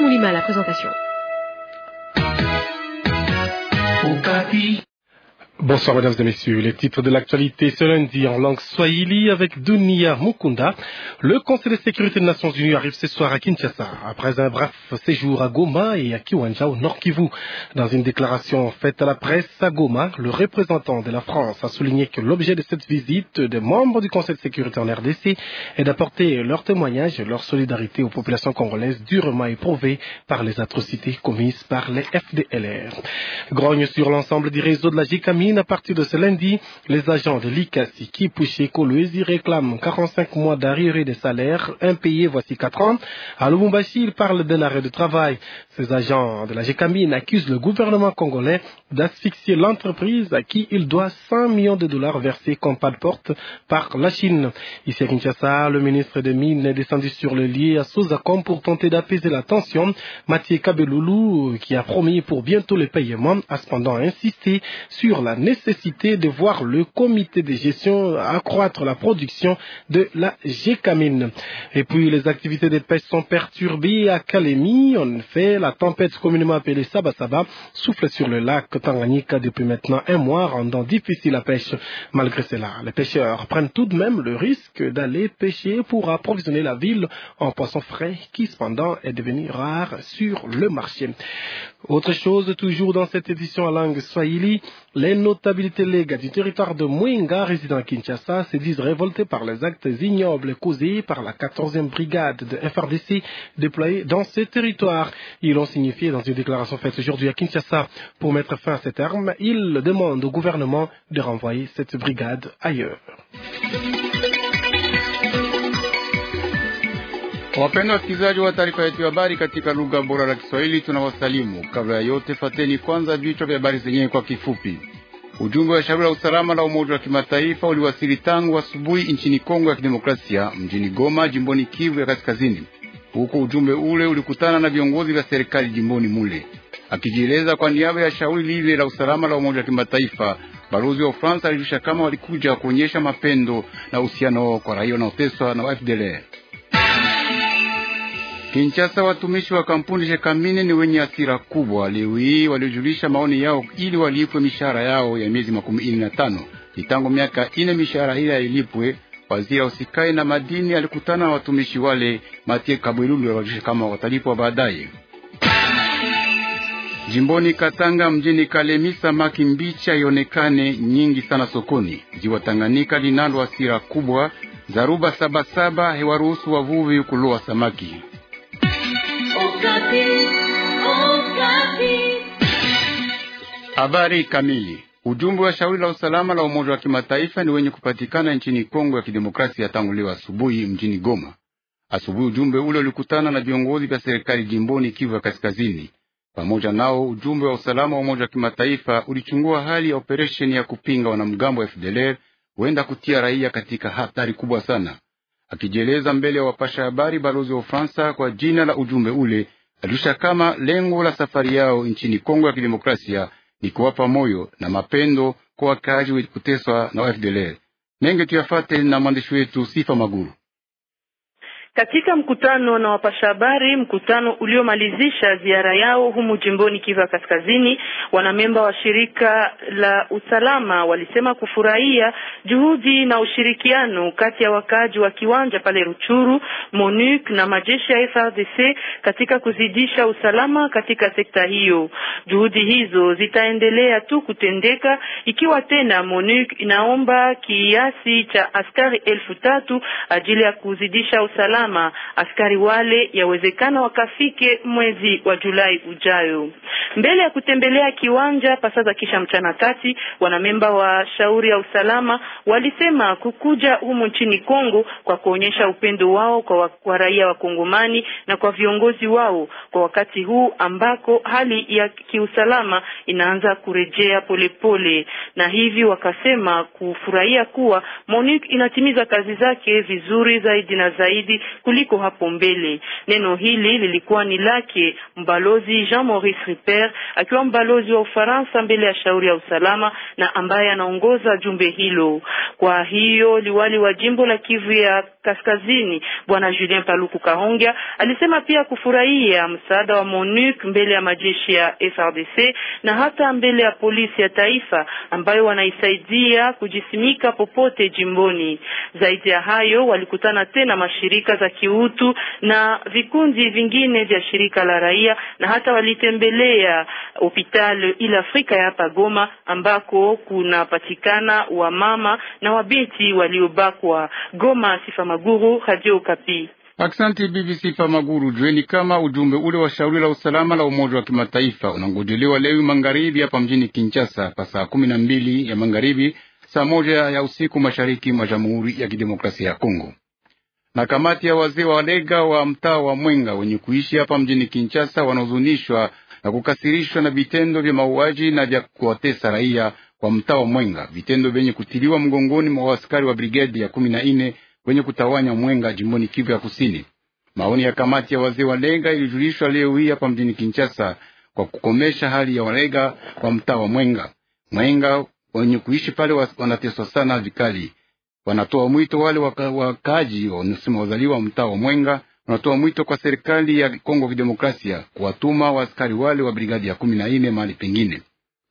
mon Moulima à la présentation. Bonsoir mesdames et messieurs. Les titres de l'actualité ce lundi en langue swahili avec Dunia Mukunda. Le Conseil de sécurité des Nations Unies arrive ce soir à Kinshasa après un bref séjour à Goma et à Kiwanja au Nord Kivu. Dans une déclaration faite à la presse à Goma, le représentant de la France a souligné que l'objet de cette visite des membres du Conseil de sécurité en RDC est d'apporter leur témoignage et leur solidarité aux populations congolaises durement éprouvées par les atrocités commises par les FDLR. Grogne sur l'ensemble du réseau de la GICAMI à partir de ce lundi, les agents de l'ICASI, Kipouché, colouzi réclament 45 mois d'arriérés de salaires impayés voici 4 ans. À Lubumbashi, ils parlent d'un arrêt de travail. Ces agents de la GKmin accusent le gouvernement congolais d'asphyxier l'entreprise à qui il doit 100 millions de dollars versés comme pas de porte par la Chine. Ici Kinshasa, le ministre des Mines est descendu sur le lit à Sozakom pour tenter d'apaiser la tension. Mathieu Kabeloulou, qui a promis pour bientôt les paiement a cependant insisté sur la nécessité de voir le comité de gestion accroître la production de la gécamine. Et puis les activités de pêche sont perturbées à Calémie. En effet, la tempête communément appelée Sabasaba souffle sur le lac Tanganyika depuis maintenant un mois, rendant difficile la pêche. Malgré cela, les pêcheurs prennent tout de même le risque d'aller pêcher pour approvisionner la ville en poissons frais qui cependant est devenu rare sur le marché. Autre chose, toujours dans cette édition à langue swahili, les notabilités légales du territoire de Mwinga résident à Kinshasa, se disent révoltées par les actes ignobles causés par la 14e brigade de FRDC déployée dans ce territoire. Ils l'ont signifié dans une déclaration faite aujourd'hui à Kinshasa. Pour mettre fin à ces arme, ils demandent au gouvernement de renvoyer cette brigade ailleurs. Wapenda wasikilizaji wa taarifa yetu ya habari katika lugha bora la Kiswahili, tunawasalimu. Kabla ya yote, fateni kwanza vichwa vya habari zenyewe kwa kifupi. Ujumbe wa shauri la usalama la Umoja wa Kimataifa uliwasili tangu asubuhi nchini Kongo ya Kidemokrasia, mjini Goma, jimboni Kivu ya Kaskazini. Huko ujumbe ule ulikutana na viongozi vya serikali jimboni mule. Akijieleza kwa niaba ya shauri lile la usalama la Umoja wa Kimataifa, balozi wa Ufaransa alijusha kama walikuja kuonyesha mapendo na uhusiano wao kwa raia wanaoteswa na FDLR. Kinshasa, watumishi wa kampuni Shekamine ni wenye hasira kubwa leo hii, waliojulisha maoni yao ili walipwe mishahara yao ya miezi makumi ine na tano ni tangu miaka ine mishahara hiyo yailipwe Waziri usikae na madini alikutana na watumishi wale. Matie Kabwelulu alijulisha kama watalipwa baadaye. Jimboni Katanga, mjini Kalemi, samaki mbichi ionekane nyingi sana sokoni. Ziwa Tanganyika linalo hasira kubwa, zaruba sabasaba hewaruhusu wavuvi kuloa samaki Habari kamili. Ujumbe wa shauri la usalama la Umoja wa Kimataifa ni wenye kupatikana nchini Kongo ya Kidemokrasia tangu leo asubuhi mjini Goma. Asubuhi ujumbe ule ulikutana na viongozi vya serikali jimboni Kivu ya Kaskazini. Pamoja nao ujumbe wa usalama wa Umoja wa Kimataifa ulichungua hali ya operesheni ya kupinga wanamgambo wa FDLR huenda kutia raia katika hatari kubwa sana. Akijieleza mbele ya wapasha habari, balozi wa Ufaransa kwa jina la ujumbe ule alisha kama lengo la safari yao nchini Kongo ya Kidemokrasia ni kuwapa moyo na mapendo kwa wakaaji wenye kuteswa na FDLR. Mengi tuyafate na mwandishi wetu Sifa Maguru. Katika mkutano na wapasha habari, mkutano uliomalizisha ziara yao humu jimboni Kiva Kaskazini, wanamemba wa shirika la usalama walisema kufurahia juhudi na ushirikiano kati ya wakaaji wa kiwanja pale Ruchuru, MONUC na majeshi ya frdc katika kuzidisha usalama katika sekta hiyo. Juhudi hizo zitaendelea tu kutendeka ikiwa tena MONUC inaomba kiasi cha askari elfu tatu ajili ya kuzidisha usalama usalama, askari wale yawezekana wakafike mwezi wa Julai ujayo. Mbele ya kutembelea kiwanja pasaza kisha mchana kati, wanamemba wa shauri ya usalama walisema kukuja humu nchini Kongo kwa kuonyesha upendo wao kwa, wa, kwa raia wa Kongomani na kwa viongozi wao kwa wakati huu ambako hali ya kiusalama inaanza kurejea polepole pole. Na hivi wakasema kufurahia kuwa MONUC inatimiza kazi zake vizuri zaidi na zaidi kuliko hapo mbele. Neno hili lilikuwa ni lake mbalozi Jean Maurice Riper, akiwa mbalozi wa Ufaransa mbele ya shauri ya usalama na ambaye anaongoza jumbe hilo. Kwa hiyo liwali wa jimbo la Kivu ya Kaskazini Bwana Julien Paluku Kahongya alisema pia kufurahia msaada wa MONUC mbele ya majeshi ya FRDC na hata mbele ya polisi ya taifa ambayo wanaisaidia kujisimika popote jimboni. Zaidi ya hayo, walikutana tena mashirika za kiutu na vikundi vingine vya shirika la raia na hata walitembelea hospitali ila Afrika ya hapa Goma ambako kunapatikana wamama na wabinti waliobakwa Goma sifa Maguru, Radio Okapi. Aksanti bbc Sifa Maguru. Jueni kama ujumbe ule wa shauri la usalama la Umoja wa Kimataifa unangojelewa leo magharibi hapa mjini Kinshasa pa saa kumi na mbili ya magharibi, saa moja ya usiku mashariki mwa Jamhuri ya Kidemokrasia ya Kongo. Na kamati ya wazee wa lega wa mtaa wa Mwenga wenye kuishi hapa mjini Kinshasa wanaozunishwa na kukasirishwa na vitendo vya mauaji na vya kuwatesa raia kwa mtaa wa Mwenga, vitendo vyenye kutiliwa mgongoni mwa askari wa brigedi ya kumi na nne wenye kutawanya mwenga jimboni Kivu ya Kusini. Maoni ya kamati ya wazee wa Lenga ilijulishwa leo hii hapa mjini Kinshasa kwa kukomesha hali ya Walega wa mtaa wa Mwenga. Mwenga wenye kuishi pale wanateswa sana vikali. Wanatoa mwito wale waka, wakaji wanasema wazaliwa wa mtaa wa Mwenga wanatoa mwito kwa serikali ya Kongo Kidemokrasia kuwatuma waaskari wale wa brigadi ya kumi na nne mahali pengine.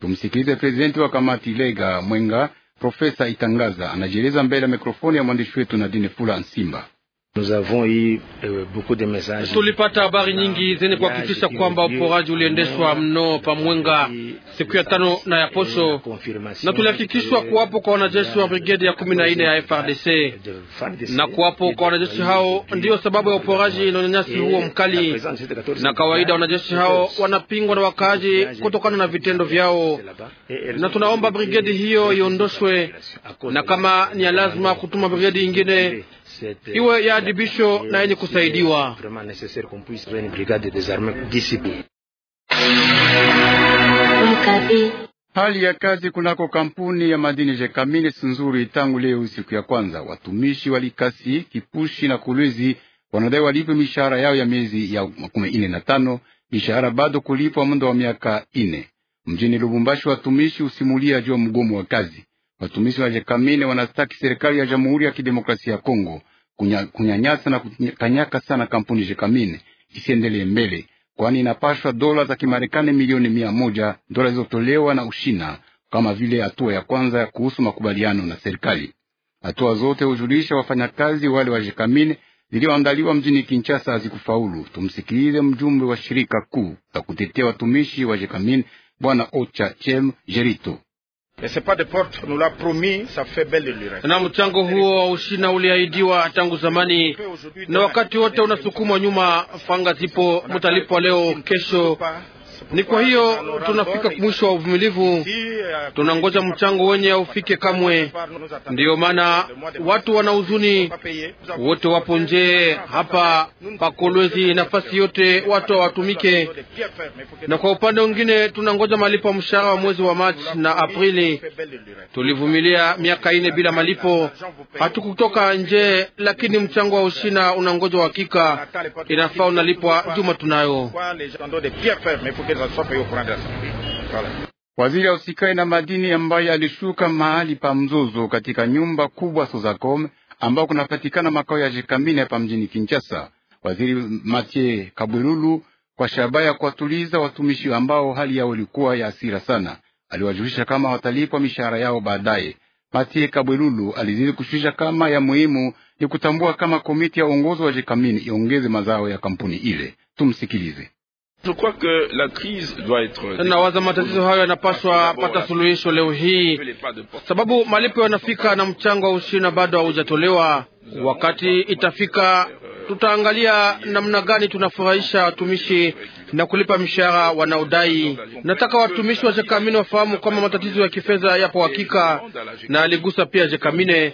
Tumsikilize prezidenti wa kamati Lega Mwenga Profesa Itangaza anajieleza mbele ya mikrofoni ya mwandishi wetu Nadine Fula Nsimba. Euh, Tulipata habari nyingi zenye kuhakikisha kwamba uporaji uliendeshwa mno pamwenga siku ya tano na ya posho, na tulihakikishwa kuwapo kwa wanajeshi wa brigedi ya kumi na nne ya FRDC na kuwapo kwa wanajeshi hao ndiyo sababu ya uporaji na unyanyasi eh, huo mkali. Na kawaida wanajeshi hao wanapingwa na wakaaji kutokana na vitendo vyao, na tunaomba brigedi hiyo iondoshwe, na kama ni ya lazima kutuma brigedi ingine iwe ya adibisho na yenye kusaidiwa. Hali ya kazi kunako kampuni ya madini Jekamine nzuri tangu leo siku ya kwanza, watumishi walikasi Kipushi na Kolwezi wanadai walipe mishahara yao ya miezi ya makumi ine na tano. Mishahara bado kulipwa muda wa miaka ine. Mjini Lubumbashi, watumishi husimulia juu ya mgomo wa kazi. Watumishi wa Jekamine wanastaki serikali ya Jamhuri ya Kidemokrasia ya Kongo kunyanyasa na kukanyaka sana kampuni Jekamine isiendelee mbele, kwani inapashwa dola za Kimarekani milioni mia moja dola zilizotolewa na Ushina kama vile hatua ya kwanza kuhusu makubaliano na serikali. Hatua zote hujulisha wafanyakazi wale wa Jekamine ziliyoandaliwa mjini Kinshasa hazikufaulu. Tumsikilize mjumbe wa shirika kuu la kutetea watumishi wa Jekamine Bwana Ocha Chem Jerito na mchango huo wa ushina uliahidiwa tangu zamani, na wakati wote unasukumwa nyuma. Fanga zipo, mtalipwa leo, kesho ni kwa hiyo tunafika mwisho wa uvumilivu, tunangoja mchango wenye aufike kamwe. Ndiyo maana watu wana huzuni, wote wapo nje hapa pakolwezi, nafasi yote watu hawatumike. Na kwa upande mwingine tunangoja malipo mshahara wa mwezi wa Machi na Aprili. Tulivumilia miaka ine bila malipo, hatukutoka nje, lakini mchango wa ushina unangoja uhakika, inafaa unalipwa juma tunayo Waziri ausikae na madini ambaye alishuka mahali pa mzozo katika nyumba kubwa Sozacom ambao kunapatikana makao ya Jekamine hapa mjini Kinshasa. Waziri Mathieu Kabwelulu kwa shabaha ya kuwatuliza watumishi ambao hali yao ilikuwa ya asira sana, aliwajulisha kama watalipwa mishahara yao baadaye. Mathieu Kabwelulu alizidi kushuisha kama ya muhimu ni kutambua kama komiti ya uongozi wa Jekamine iongeze mazao ya kampuni ile. Tumsikilize. Nawaza matatizo hayo yanapaswa pata suluhisho leo hii, sababu malipo yanafika na mchango wa ushina bado haujatolewa. Wakati itafika, tutaangalia namna gani tunafurahisha watumishi na kulipa mshahara wanaodai. Nataka watumishi wa Jekamine wafahamu kwamba matatizo ya kifedha yapo hakika, na aligusa pia Jekamine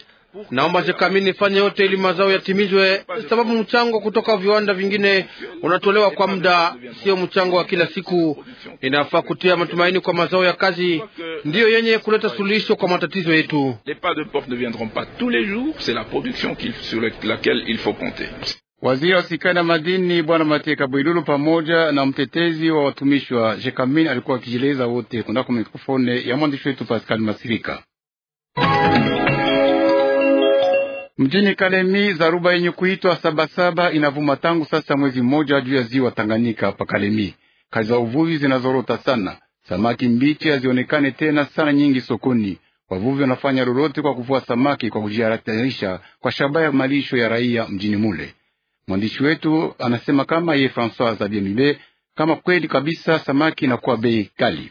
Naomba Jekami nifanye yote ili mazao yatimizwe, sababu mchango kutoka viwanda vingine unatolewa kwa muda, sio mchango wa kila siku. Inafaa kutia matumaini kwa mazao ya kazi, ndiyo yenye kuleta suluhisho kwa matatizo yetu. Waziri wa na madini Bwana Mateka Bwilulu pamoja na mtetezi wa watumishi wa Jekamin alikuwa akijieleza wote kunako mikrofone ya mwandishi wetu Pascal Masirika. Mjini Kalemi, zaruba yenye kuitwa Sabasaba inavuma tangu sasa mwezi mmoja juu ya ziwa Tanganyika. Hapa Kalemi, kazi za uvuvi zinazorota sana, samaki mbichi hazionekane tena sana nyingi sokoni. Wavuvi wanafanya lolote kwa kuvua samaki kwa kujiharatarisha kwa shaba ya malisho ya raia mjini mule. Mwandishi wetu anasema kama ye Francois Xavier kama kweli kabisa samaki inakuwa bei kali.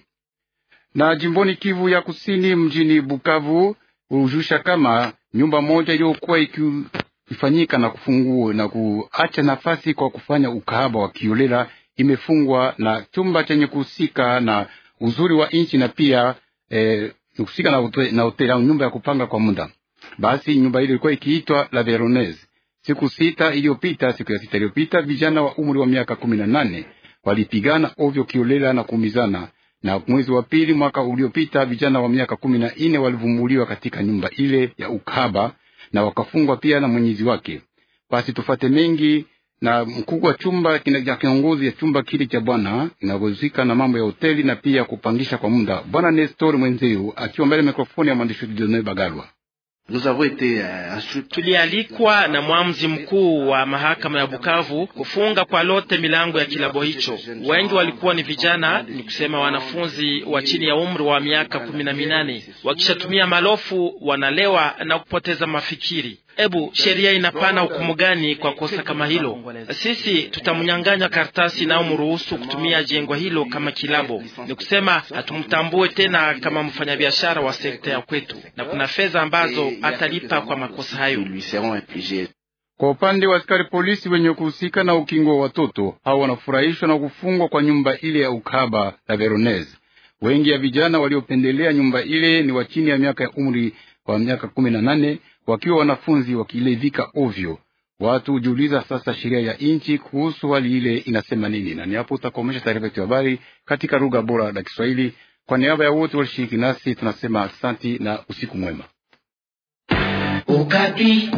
Na jimboni Kivu ya Kusini, mjini Bukavu, hujusha kama nyumba moja iliyokuwa ikifanyika na kufungua na kuacha nafasi kwa kufanya ukahaba wa kiolela imefungwa na chumba chenye kuhusika na uzuri wa nchi na pia eh, kuhusika na hoteli hotel, au nyumba ya kupanga kwa muda. Basi nyumba ile ilikuwa ikiitwa La Veronese. Siku sita iliyopita, siku ya sita iliyopita, vijana wa umri wa miaka kumi na nane walipigana ovyo kiolela na kuumizana na mwezi wa pili mwaka uliopita vijana wa miaka kumi na nne walivumbuliwa katika nyumba ile ya ukahaba na wakafungwa pia na mwenyezi wake. Basi tufate mengi na mkuu wa chumba cha kiongozi ya chumba kile cha bwana inayohusika na mambo ya hoteli na pia kupangisha kwa muda, bwana Nestor Mwenzeyu akiwa mbele mikrofoni ya mwandishi Didone Bagalwa. Euh, Tulialikwa na mwamzi mkuu wa mahakama ya Bukavu kufunga kwa lote milango ya kilabo hicho. Wengi walikuwa ni vijana, ni kusema wanafunzi wa chini ya umri wa miaka kumi na minane. Wakishatumia malofu wanalewa na kupoteza mafikiri ebu sheria inapana hukumu gani kwa kosa kama hilo? Sisi tutamnyang'anya karatasi nao mruhusu kutumia jengo hilo kama kilabo, ni kusema hatumtambue tena kama mfanyabiashara wa sekta ya kwetu, na kuna fedha ambazo atalipa kwa makosa hayo. Kwa upande wa askari polisi wenye kuhusika na ukingo wa watoto hao wanafurahishwa na kufungwa kwa nyumba ile ya ukaba la Veronese. Wengi ya vijana waliopendelea nyumba ile ni wa chini ya miaka ya umri wa miaka kumi na nane wakiwa wanafunzi wakilevika ovyo. Watu hujiuliza sasa sheria ya nchi kuhusu hali ile inasema nini? Na ni hapo utakomesha taarifa yetu ya habari katika lugha bora la Kiswahili. Kwa niaba ya wote walishiriki nasi tunasema asanti na usiku mwema. Ukati.